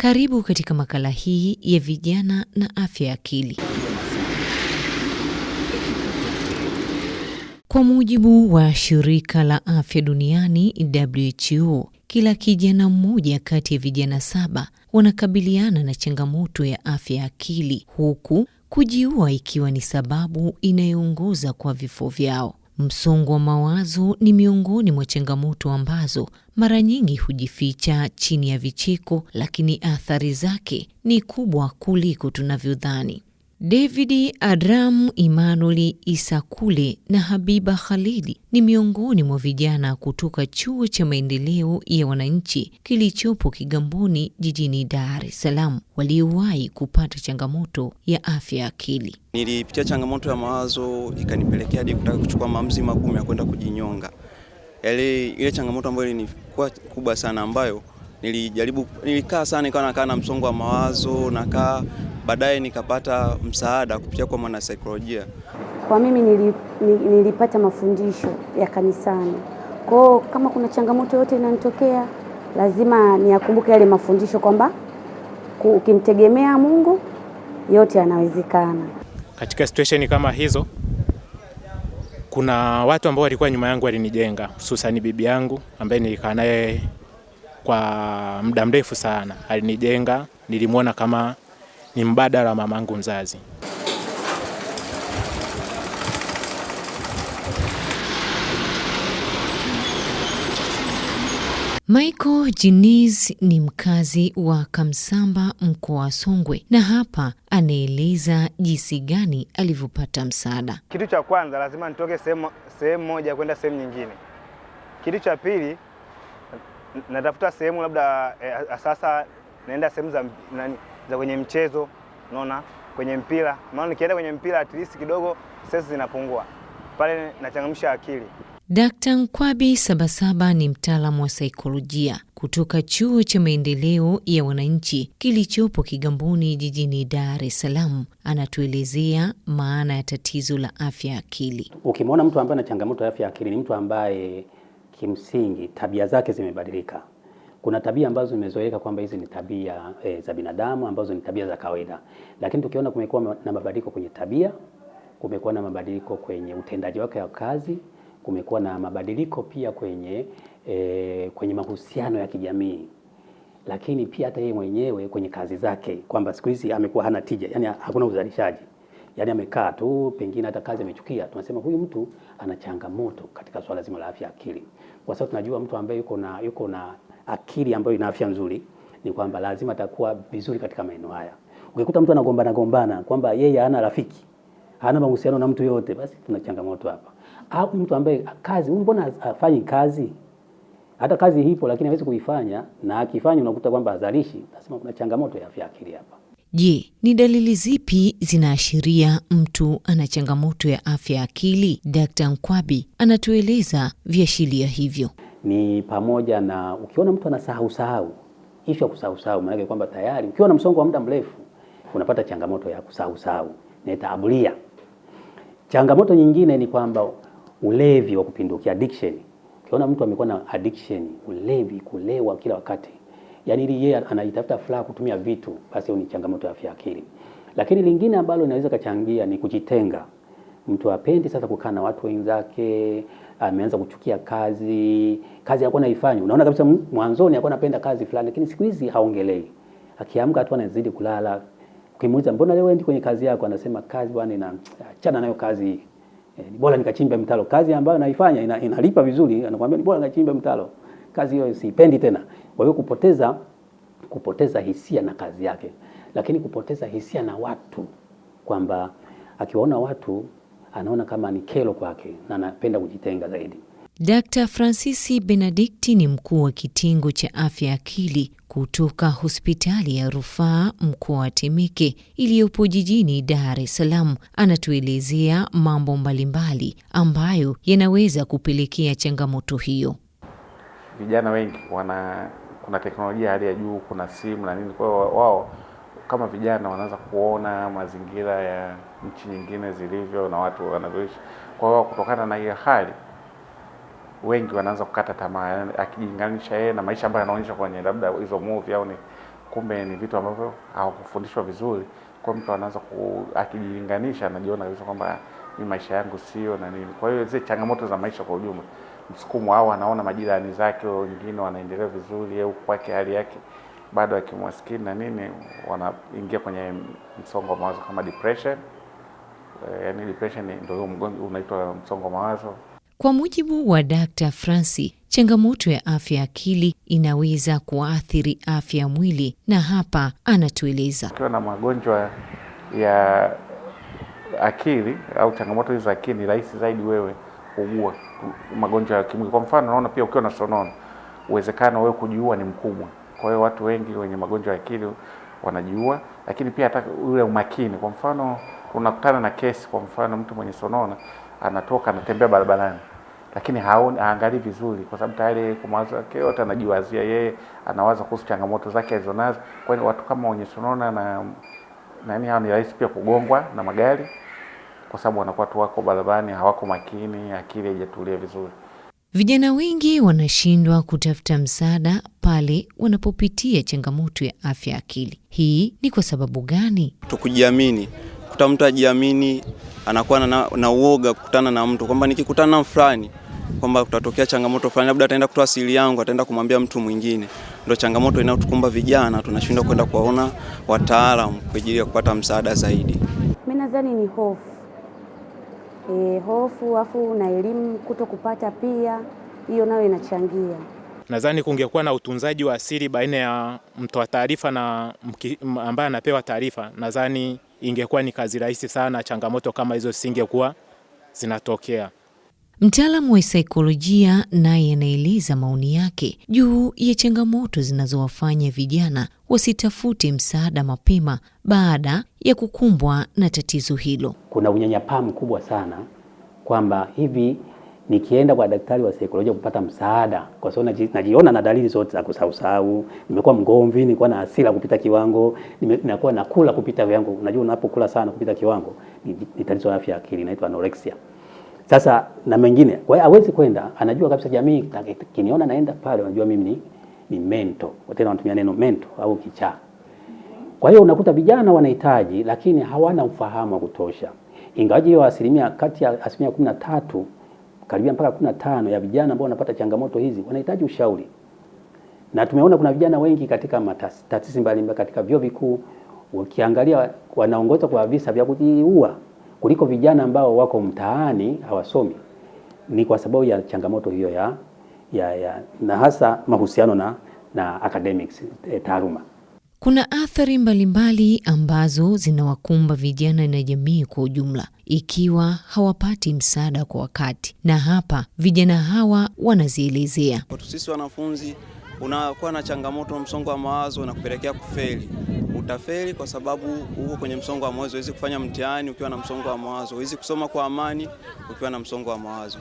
Karibu katika makala hii ya vijana na afya ya akili. Kwa mujibu wa shirika la afya duniani WHO, kila kijana mmoja kati ya vijana saba wanakabiliana na changamoto ya afya ya akili, huku kujiua ikiwa ni sababu inayoongoza kwa vifo vyao. Msongo wa mawazo ni miongoni mwa changamoto ambazo mara nyingi hujificha chini ya vicheko, lakini athari zake ni kubwa kuliko tunavyodhani. David Adramu, Imanuli Isakule na Habiba Khalidi ni miongoni mwa vijana kutoka Chuo cha Maendeleo ya Wananchi kilichopo Kigamboni jijini Dar es Salaam waliowahi kupata changamoto ya afya ya akili. Nilipitia changamoto ya mawazo ikanipelekea hadi kutaka kuchukua maamuzi magumu ya kwenda kujinyonga. Yale ile changamoto ambayo ilinikuwa kubwa sana ambayo nilijaribu nilikaa sana nikawa nakaa na msongo wa mawazo nakaa baadaye nikapata msaada kupitia kwa mwanasaikolojia. Kwa mimi nilipata mafundisho ya kanisani kwao, kama kuna changamoto yote inanitokea lazima niyakumbuke yale mafundisho kwamba ukimtegemea Mungu yote yanawezekana. Katika situation kama hizo, kuna watu ambao walikuwa nyuma yangu walinijenga, hususan bibi yangu ambaye nilikaa naye kwa muda mrefu sana, alinijenga, nilimwona kama ni mbadala wa mamangu mzazi. Michael Jinis ni mkazi wa Kamsamba mkoa wa Songwe na hapa anaeleza jinsi gani alivyopata msaada. Kitu cha kwanza lazima nitoke sehemu moja kwenda sehemu nyingine. Kitu cha pili natafuta sehemu labda e, sasa naenda sehemu za nani za kwenye mchezo, unaona kwenye mpira, maana nikienda kwenye mpira at least kidogo stress zinapungua pale, nachangamsha akili. Dkt. Nkwabi Sabasaba ni mtaalamu wa saikolojia kutoka Chuo cha Maendeleo ya Wananchi kilichopo Kigamboni jijini Dar es Salaam. Anatuelezea maana ya tatizo la afya ya akili. Ukimwona mtu ambaye ana changamoto ya afya ya akili, ni mtu ambaye kimsingi tabia zake zimebadilika kuna tabia ambazo zimezoeleka kwamba hizi ni tabia e, za binadamu ambazo ni tabia za kawaida, lakini tukiona kumekuwa na mabadiliko kwenye tabia, kumekuwa na mabadiliko kwenye utendaji wake wa kazi, kumekuwa na mabadiliko pia kwenye e, kwenye mahusiano ya kijamii lakini pia hata yeye mwenyewe kwenye kazi zake, kwamba siku hizi amekuwa hana tija, yani hakuna uzalishaji, yani amekaa tu, pengine hata kazi amechukia. Tunasema huyu mtu ana changamoto katika swala zima la afya akili, kwa sababu tunajua mtu ambaye yuko na yuko na akili ambayo ina afya nzuri ni kwamba lazima atakuwa vizuri katika maeneo haya. Ukikuta mtu anagombana gombana kwamba yeye hana rafiki, hana mahusiano na mtu yote, basi kuna changamoto hapa. Au mtu ambaye kazi, mbona afanyi kazi? Hata kazi ipo lakini hawezi kuifanya, na akifanya unakuta kwamba hazalishi. Lazima kuna changamoto ya afya akili hapa. Je, ni dalili zipi zinaashiria mtu ana changamoto ya afya ya akili? Dkt. Nkwabi anatueleza viashiria hivyo ni pamoja na ukiona mtu anasahau sahau, ishu ya kusahau sahau maana kwamba tayari ukiwa na msongo wa muda mrefu unapata changamoto ya kusahau sahau, ni taabulia. Changamoto nyingine ni kwamba ulevi wa kupindukia, addiction. Ukiona mtu amekuwa na addiction, ulevi, kulewa kila wakati, yani ili yeye anaitafuta furaha kutumia vitu, basi ni changamoto ya afya akili. Lakini lingine ambalo inaweza kachangia ni kujitenga mtu apendi sasa kukaa na watu wenzake, ameanza kuchukia kazi, kazi yako naifanya. Unaona kabisa mwanzoni hakuwa anapenda kazi fulani, lakini siku hizi haongelei, akiamka tu anazidi kulala. Ukimuuliza mbona leo endi kwenye kazi yako, anasema kazi bwana, ina achana nayo kazi e, bora nikachimbe mtalo. Kazi ambayo naifanya ina, inalipa vizuri, anakuambia ni bora nikachimbe mtalo, kazi hiyo siipendi tena. Kwa hiyo kupoteza kupoteza hisia na kazi yake, lakini kupoteza hisia na watu kwamba akiwaona watu anaona kama ni kero kwake na anapenda kujitenga zaidi. Dkt. Francis Benedikti ni mkuu wa kitengo cha afya akili kutoka hospitali ya rufaa mkoa wa Temeke iliyopo jijini Dar es Salaam. Anatuelezea mambo mbalimbali ambayo yanaweza kupelekea changamoto hiyo. Vijana wengi wana, kuna teknolojia hali ya juu, kuna simu na nini, kwa hiyo wao kama vijana wanaweza kuona mazingira ya nchi nyingine zilivyo na watu wanavyoishi. Kwa hiyo kutokana na hiyo hali, wengi wanaanza kukata tamaa, yaani akijilinganisha yeye na maisha ambayo anaonyesha kwenye labda hizo movie au ni kumbe ni vitu ambavyo hawakufundishwa vizuri. Kwa mtu anaanza akijilinganisha, anajiona kabisa kwamba ni maisha yangu sio na nini. Kwa hiyo zile changamoto za maisha kwa ujumla, msukumo au anaona majirani zake wengine wanaendelea vizuri, au kwake hali yake bado akimwaskini na nini, wanaingia kwenye msongo wa mawazo kama depression. Eh, yani depression ndio huo mgonjwa unaitwa msongo wa mawazo. Kwa mujibu wa Dr. franci changamoto ya afya ya akili inaweza kuathiri afya ya mwili, na hapa anatueleza. Ukiwa na magonjwa ya akili au changamoto hizo za akili, ni rahisi zaidi wewe kuugua magonjwa ya kimwili. Kwa mfano, naona pia ukiwa na sonono, uwezekano wewe kujiua ni mkubwa. Kwa hiyo watu wengi wenye magonjwa ya akili wanajiua, lakini pia hata ule umakini, kwa mfano unakutana na kesi, kwa mfano mtu mwenye sonona anatoka anatembea barabarani, lakini haoni haangalii vizuri, kwa sababu tayari kumawazo yake yote anajiwazia yeye, anawaza kuhusu changamoto zake alizonazo. Kwa hiyo watu kama wenye sonona na nani hao ni rahisi pia kugongwa na magari, kwa sababu wanakuwa tu wako barabarani, hawako makini, akili haijatulia vizuri. Vijana wengi wanashindwa kutafuta msaada pale wanapopitia changamoto ya afya ya akili. Hii ni kwa sababu gani? Tukujiamini unakuta mtu ajiamini, anakuwa na, na uoga kukutana na mtu kwamba nikikutana na fulani kwamba kutatokea changamoto fulani, labda ataenda kutoa siri yangu, ataenda kumwambia mtu mwingine. Ndio changamoto inayotukumba vijana, tunashindwa kwenda kuwaona wataalamu kwa ajili ya kupata msaada zaidi. Mimi nadhani ni hofu e, hofu afu na elimu kuto kupata pia, hiyo nayo inachangia. Nadhani kungekuwa na utunzaji wa siri baina ya mtoa taarifa na ambaye anapewa taarifa, nadhani ingekuwa ni kazi rahisi sana, changamoto kama hizo zisingekuwa zinatokea. Mtaalamu wa saikolojia naye anaeleza maoni yake juu ya changamoto zinazowafanya vijana wasitafute msaada mapema baada ya kukumbwa na tatizo hilo. Kuna unyanyapaa mkubwa sana kwamba hivi nikienda kwa daktari wa saikolojia kupata msaada, kwa sababu najiona na dalili zote za kusahau, Nimekuwa mgomvi, nilikuwa na hasira kupita kiwango, nimekuwa nakula kupita viwango. Unajua, unapokula sana kupita kiwango ni tatizo la afya ya akili, inaitwa anorexia. Sasa na mengine, kwa hiyo hawezi kwenda, anajua kabisa jamii kiniona naenda pale, unajua mimi ni ni mento, tena wanatumia neno mento au kichaa. Kwa hiyo unakuta vijana wanahitaji, lakini hawana ufahamu wa kutosha, ingawaje hiyo asilimia kati ya asilimia kumi na tatu karibia mpaka kumi na tano ya vijana ambao wanapata changamoto hizi wanahitaji ushauri, na tumeona kuna vijana wengi katika taasisi mbalimbali, katika vyuo vikuu, ukiangalia wanaongoza kwa visa vya kujiua kuliko vijana ambao wako mtaani hawasomi. Ni kwa sababu ya changamoto hiyo ya, ya, ya na hasa mahusiano na, na academics, eh, taaluma. Kuna athari mbalimbali ambazo zinawakumba vijana na jamii kwa ujumla ikiwa hawapati msaada kwa wakati, na hapa vijana hawa wanazielezea. Sisi wanafunzi unakuwa na changamoto, msongo wa mawazo na kupelekea kufeli. Utafeli kwa sababu uko kwenye msongo wa mawazo. Huwezi kufanya mtihani ukiwa na msongo wa mawazo, huwezi kusoma kwa amani ukiwa na msongo wa mawazo.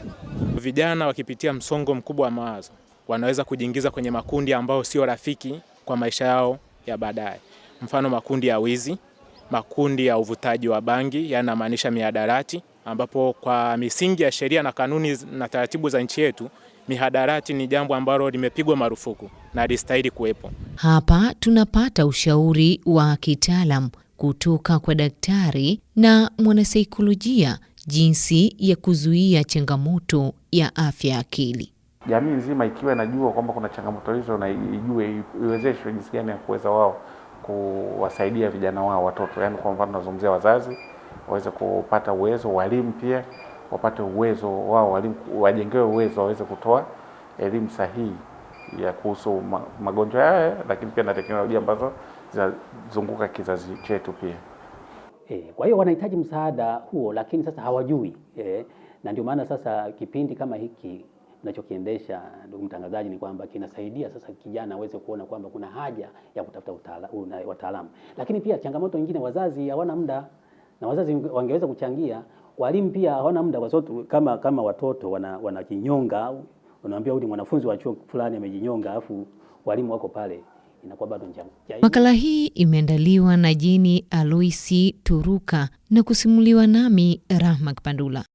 Vijana wakipitia msongo mkubwa wa mawazo wanaweza kujiingiza kwenye makundi ambayo sio rafiki kwa maisha yao ya baadaye. Mfano, makundi ya wizi, makundi ya uvutaji wa bangi, yanamaanisha mihadarati, ambapo kwa misingi ya sheria na kanuni na taratibu za nchi yetu mihadarati ni jambo ambalo limepigwa marufuku na halistahili kuwepo. Hapa tunapata ushauri wa kitaalam kutoka kwa daktari na mwanasaikolojia jinsi ya kuzuia changamoto ya afya ya akili jamii nzima ikiwa inajua kwamba kuna changamoto hizo na ijue iwezeshwe jinsi gani ya kuweza wao kuwasaidia vijana wao watoto, yani kwa mfano nazungumzia wazazi waweze kupata uwezo, walimu pia wapate uwezo wao, walimu wajengewe uwezo waweze kutoa elimu sahihi ya kuhusu magonjwa haya, lakini pia na teknolojia ambazo zinazunguka kizazi chetu pia. E, kwa hiyo wanahitaji msaada huo, lakini sasa hawajui e, na ndio maana sasa kipindi kama hiki nachokiendesha ndugu mtangazaji, ni kwamba kinasaidia sasa kijana aweze kuona kwamba kuna haja ya kutafuta wataalamu. Lakini pia changamoto nyingine, wazazi hawana muda, na wazazi wangeweza kuchangia. Walimu pia hawana muda, kwa sababu kama kama watoto wanajinyonga, wana unaambia huyu mwanafunzi wa chuo fulani amejinyonga, alafu walimu wako pale Makala hii imeandaliwa na jini Aloisi Turuka na kusimuliwa nami Rahma Kpandula.